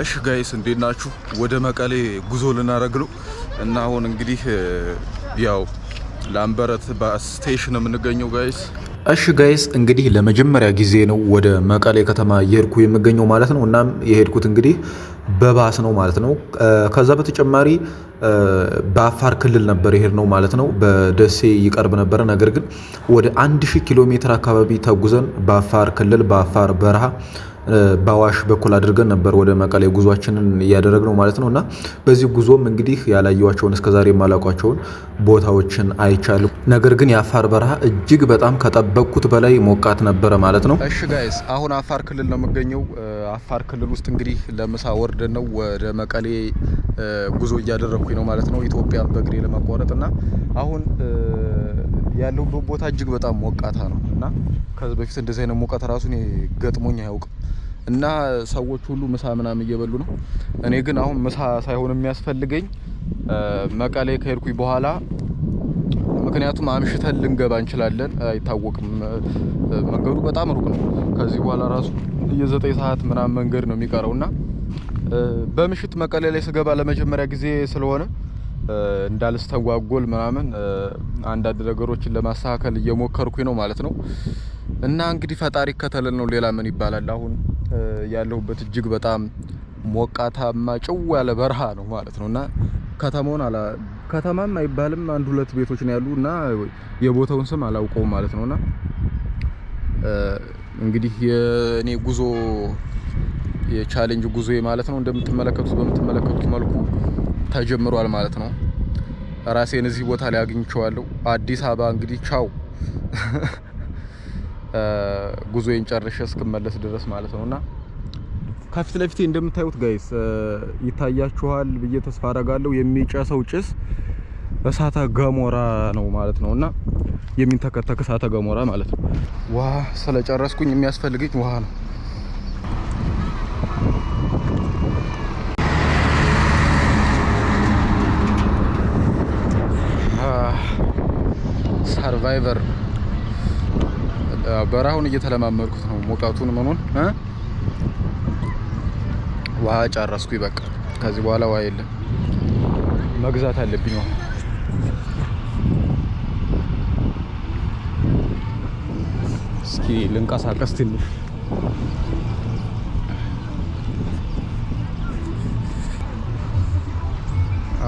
እሺ ጋይስ እንዴት ናችሁ? ወደ መቀሌ ጉዞ ልናደርግ ነው እና አሁን እንግዲህ ያው ላምበረት ባስ ስቴሽን የምንገኘው ጋይስ። እሺ ጋይስ እንግዲህ ለመጀመሪያ ጊዜ ነው ወደ መቀሌ ከተማ እየሄድኩ የምገኘው ማለት ነው። እናም የሄድኩት እንግዲህ በባስ ነው ማለት ነው። ከዛ በተጨማሪ በአፋር ክልል ነበር የሄድ ነው ማለት ነው። በደሴ ይቀርብ ነበረ። ነገር ግን ወደ 1000 ኪሎ ሜትር አካባቢ ተጉዘን በአፋር ክልል በአፋር በረሃ በአዋሽ በኩል አድርገን ነበር ወደ መቀሌ ጉዟችንን ነው ማለት ነው እና በዚህ ጉዞም እንግዲህ ያላየኋቸውን እስከዛሬ የማላውቋቸውን ቦታዎችን አይቻልም። ነገር ግን የአፋር በረሃ እጅግ በጣም ከጠበቅኩት በላይ ሞቃት ነበረ ማለት ነው። እሺ ጋይስ፣ አሁን አፋር ክልል ነው የምገኘው። አፋር ክልል ውስጥ እንግዲህ ለምሳ ወርደ ነው ወደ መቀሌ ጉዞ እያደረግኩኝ ነው ማለት ነው ኢትዮጵያ በእግሬ ለማቋረጥ እና አሁን ያለው ቦታ እጅግ በጣም ሞቃታ ነው እና ከዚህ በፊት እንደዚህ አይነት ሞቃት ራሱን ገጥሞኝ አያውቅም። እና ሰዎች ሁሉ ምሳ ምናምን እየበሉ ነው። እኔ ግን አሁን ምሳ ሳይሆን የሚያስፈልገኝ መቀሌ ከሄድኩኝ በኋላ ምክንያቱም አምሽተን ልንገባ እንችላለን፣ አይታወቅም። መንገዱ በጣም ሩቅ ነው። ከዚህ በኋላ ራሱ የዘጠኝ ሰዓት ምናምን መንገድ ነው የሚቀረው እና በምሽት መቀሌ ላይ ስገባ ለመጀመሪያ ጊዜ ስለሆነ እንዳልስተጓጎል ምናምን አንዳንድ ነገሮችን ለማስተካከል እየሞከርኩኝ ነው ማለት ነው። እና እንግዲህ ፈጣሪ ከተለል ነው። ሌላ ምን ይባላል? አሁን ያለሁበት እጅግ በጣም ሞቃታማ ጭው ያለ በረሃ ነው ማለት ነው እና ከተማውን አላ ከተማም አይባልም አንድ ሁለት ቤቶች ነው ያሉ እና የቦታውን ስም አላውቀው ማለት ነውና እንግዲህ የኔ ጉዞ የቻሌንጅ ጉዞ ማለት ነው እንደምትመለከቱት በምትመለከቱት መልኩ ተጀምሯል ማለት ነው። ራሴን እዚህ ቦታ ላይ አግኝቼዋለሁ። አዲስ አበባ እንግዲህ ቻው ጉዞዬን ጨርሼ እስክመለስ ድረስ ማለት ነውና ከፊት ለፊቴ እንደምታዩት ጋይስ ይታያችኋል ብዬ ተስፋ አደርጋለሁ። የሚጨሰው ጭስ እሳተ ገሞራ ነው ማለት ነውና የሚንተከተክ እሳተ ገሞራ ማለት ነው። ውሃ ስለጨረስኩኝ የሚያስፈልገኝ ውሃ ነው። ሰርቫይቨር በረሃውን እየተለማመድኩት ነው። ሙቀቱን ምኑን ውሃ ጨረስኩ፣ ይበቃል። ከዚህ በኋላ ውሃ የለም፣ መግዛት አለብኝ ውሃ እስኪ ልንቀሳቀስ ትንሽ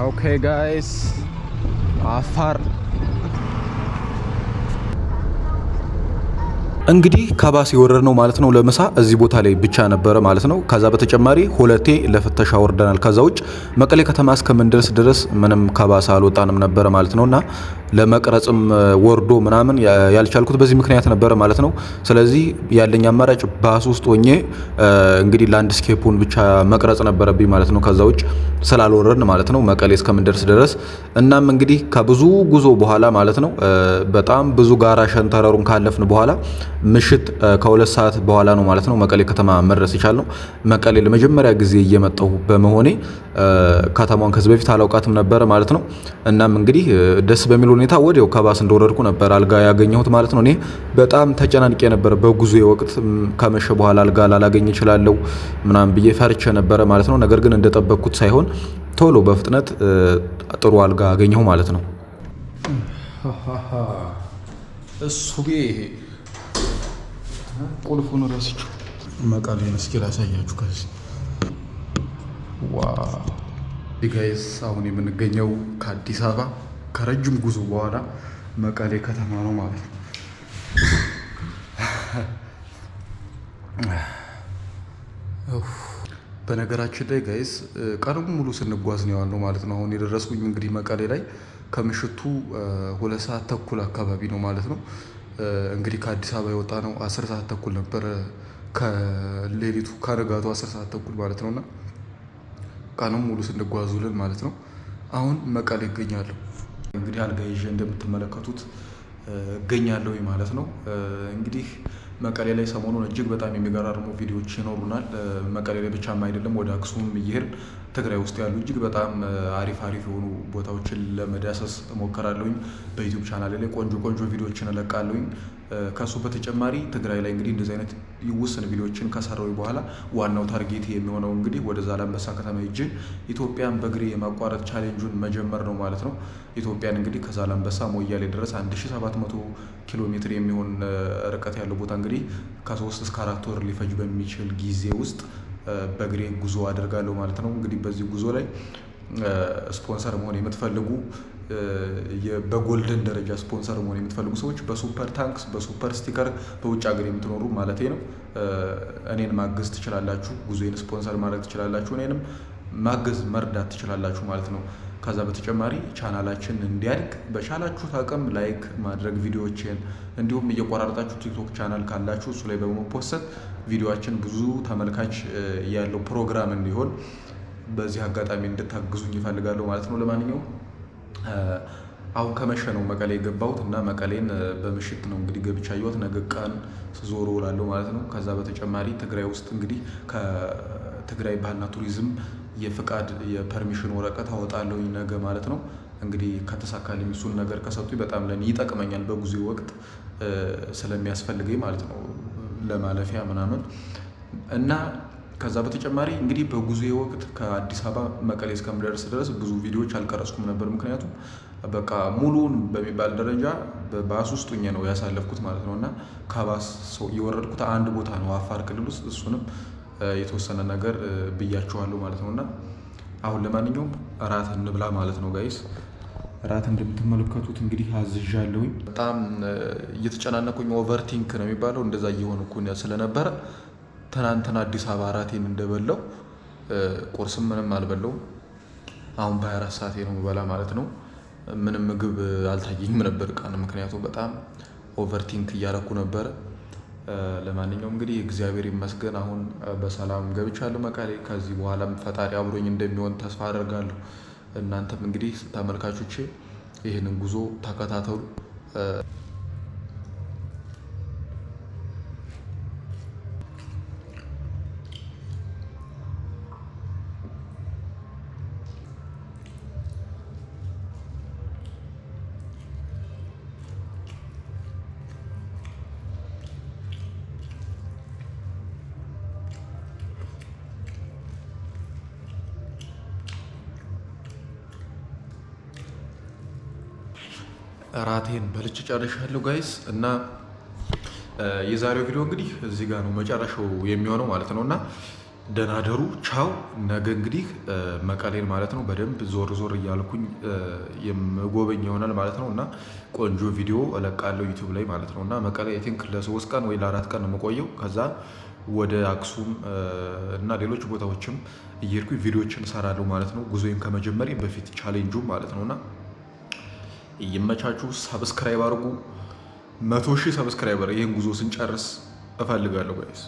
ኦኬ ጋይስ አፋር እንግዲህ ከባስ የወረድ ነው ማለት ነው ለምሳ እዚህ ቦታ ላይ ብቻ ነበረ ማለት ነው። ከዛ በተጨማሪ ሁለቴ ለፍተሻ ወርደናል። ከዛ ውጭ መቀሌ ከተማ እስከምንደርስ ድረስ ምንም ከባስ አልወጣንም ነበረ ማለት ነውና ለመቅረጽም ወርዶ ምናምን ያልቻልኩት በዚህ ምክንያት ነበረ ማለት ነው። ስለዚህ ያለኝ አማራጭ ባስ ውስጥ ሆኜ እንግዲህ ላንድስኬፑን ብቻ መቅረጽ ነበረብኝ ማለት ነው። ከዛ ውጭ ስላልወረድን ማለት ነው መቀሌ እስከምንደርስ ድረስ። እናም እንግዲህ ከብዙ ጉዞ በኋላ ማለት ነው በጣም ብዙ ጋራ ሸንተረሩን ካለፍን በኋላ ምሽት ከሁለት ሰዓት በኋላ ነው ማለት ነው መቀሌ ከተማ መድረስ ነው። መቀሌ ለመጀመሪያ ጊዜ እየመጣሁ በመሆኔ ከተማዋን ከዚህ በፊት አላውቃትም ነበረ ማለት ነው። እናም እንግዲህ ደስ በሚሉ ሁኔታ ወዲያው ከባስ እንደወረድኩ ነበር አልጋ ያገኘሁት ማለት ነው። እኔ በጣም ተጨናንቄ ነበር በጉዞ ወቅት ከመሸ በኋላ አልጋ ላላገኝ እችላለሁ ምናምን ብዬ ፈርቼ ነበረ ማለት ነው። ነገር ግን እንደጠበቅኩት ሳይሆን ቶሎ በፍጥነት ጥሩ አልጋ አገኘሁ ማለት ነው። እሱ ቁልፉን ረስቼው መቃሌን እስኪ ላሳያችሁ ከዚህ ጋይስ አሁን የምንገኘው ከአዲስ አበባ ከረጅም ጉዞ በኋላ መቀሌ ከተማ ነው ማለት ነው። በነገራችን ላይ ጋይስ ቀኑን ሙሉ ስንጓዝ ነው ያለው ማለት ነው። አሁን የደረስኩኝ እንግዲህ መቀሌ ላይ ከምሽቱ ሁለት ሰዓት ተኩል አካባቢ ነው ማለት ነው። እንግዲህ ከአዲስ አበባ የወጣ ነው አስር ሰዓት ተኩል ነበረ ከሌሊቱ ከንጋቱ አስር ሰዓት ተኩል ማለት ነው እና ቀኑን ሙሉ ስንጓዙልን ማለት ነው። አሁን መቀሌ ይገኛለሁ። እንግዲህ አልጋ ይዤ እንደምትመለከቱት እገኛለሁ ማለት ነው እንግዲህ መቀሌ ላይ ሰሞኑን እጅግ በጣም የሚገራርሙ ቪዲዮዎች ይኖሩናል። መቀሌ ላይ ብቻም አይደለም፣ ወደ አክሱም እየሄድን ትግራይ ውስጥ ያሉ እጅግ በጣም አሪፍ አሪፍ የሆኑ ቦታዎችን ለመዳሰስ እሞክራለሁኝ። በዩቱብ ቻናል ላይ ቆንጆ ቆንጆ ቪዲዮዎችን እለቃለሁኝ። ከእሱ በተጨማሪ ትግራይ ላይ እንግዲህ እንደዚህ አይነት ይውስን ቪዲዮዎችን ከሰራዊ በኋላ ዋናው ታርጌት የሚሆነው እንግዲህ ወደ ዛላንበሳ ከተማ ሄጄ ኢትዮጵያን በእግሬ የማቋረጥ ቻሌንጁን መጀመር ነው ማለት ነው። ኢትዮጵያን እንግዲህ ከዛላንበሳ ሞያሌ ድረስ 1700 ኪሎ ሜትር የሚሆን ርቀት ያለው ቦታ እንግዲህ ከሶስት እስከ አራት ወር ሊፈጅ በሚችል ጊዜ ውስጥ በእግሬ ጉዞ አደርጋለሁ ማለት ነው። እንግዲህ በዚህ ጉዞ ላይ ስፖንሰር መሆን የምትፈልጉ በጎልደን ደረጃ ስፖንሰር መሆን የምትፈልጉ ሰዎች በሱፐር ታንክስ፣ በሱፐር ስቲከር በውጭ ሀገር የምትኖሩ ማለት ነው እኔን ማገዝ ትችላላችሁ። ጉዞዬን ስፖንሰር ማድረግ ትችላላችሁ። እኔንም ማገዝ መርዳት ትችላላችሁ ማለት ነው። ከዛ በተጨማሪ ቻናላችን እንዲያድግ በቻላችሁት አቅም ላይክ ማድረግ ቪዲዮዎችን፣ እንዲሁም እየቆራረጣችሁ ቲክቶክ ቻናል ካላችሁ እሱ ላይ በመፖሰት ቪዲዮችን ብዙ ተመልካች ያለው ፕሮግራም እንዲሆን በዚህ አጋጣሚ እንድታግዙኝ ይፈልጋለሁ ማለት ነው። ለማንኛውም አሁን ከመሸ ነው መቀሌ የገባሁት እና መቀሌን በምሽት ነው እንግዲህ ገብቻ ያየሁት። ነገ ቀን ስዞር እውላለሁ ማለት ነው። ከዛ በተጨማሪ ትግራይ ውስጥ እንግዲህ ከትግራይ ባህልና ቱሪዝም የፍቃድ የፐርሚሽን ወረቀት አወጣለሁ ነገ ማለት ነው። እንግዲህ ከተሳካልኝ እሱን ነገር ከሰጡኝ በጣም ለእኔ ይጠቅመኛል፣ በጉዞ ወቅት ስለሚያስፈልገኝ ማለት ነው ለማለፊያ ምናምን እና ከዛ በተጨማሪ እንግዲህ በጉዞ ወቅት ከአዲስ አበባ መቀሌ እስከምደርስ ድረስ ብዙ ቪዲዮዎች አልቀረጽኩም ነበር። ምክንያቱም በቃ ሙሉውን በሚባል ደረጃ በባስ ውስጥ ሆኜ ነው ያሳለፍኩት ማለት ነው እና ከባስ የወረድኩት አንድ ቦታ ነው አፋር ክልል ውስጥ እሱንም የተወሰነ ነገር ብያችኋለሁ ማለት ነው እና አሁን ለማንኛውም እራት እንብላ ማለት ነው ጋይስ። እራት እንደምትመለከቱት እንግዲህ አዝዣለሁኝ። በጣም እየተጨናነቁኝ ኦቨርቲንክ ነው የሚባለው እንደዛ እየሆንኩኝ ስለነበረ ትናንትና አዲስ አበባ እራቴን እንደበላው ቁርስም ምንም አልበላውም። አሁን በ24 ሰዓቴ ነው የምበላ ማለት ነው። ምንም ምግብ አልታየኝም ነበር ቃን፣ ምክንያቱም በጣም ኦቨርቲንክ እያረኩ ነበረ። ለማንኛውም እንግዲህ እግዚአብሔር ይመስገን አሁን በሰላም ገብቻለሁ መቀሌ። ከዚህ በኋላም ፈጣሪ አብሮኝ እንደሚሆን ተስፋ አደርጋለሁ። እናንተም እንግዲህ ተመልካቾቼ ይህንን ጉዞ ተከታተሉ። እራቴን በልቼ ጨርሻለሁ ጋይስ እና የዛሬው ቪዲዮ እንግዲህ እዚህ ጋር ነው መጨረሻው የሚሆነው ማለት ነው እና ደናደሩ ቻው። ነገ እንግዲህ መቀሌን ማለት ነው በደንብ ዞር ዞር እያልኩኝ የምጎበኝ ይሆናል ማለት ነው እና ቆንጆ ቪዲዮ እለቃለሁ ዩቱብ ላይ ማለት ነው እና መቀሌ አይ ቲንክ ለሶስት ቀን ወይ ለአራት ቀን የምቆየው ከዛ ወደ አክሱም እና ሌሎች ቦታዎችም እየሄድኩኝ ቪዲዮዎችን እሰራለሁ ማለት ነው። ጉዞይም ከመጀመሪ በፊት ቻሌንጁ ማለት ነው እና እየመቻችሁ ሰብስክራይብ አድርጉ። መቶ ሺህ ሰብስክራይበር ይህን ጉዞ ስንጨርስ እፈልጋለሁ ጋይስ።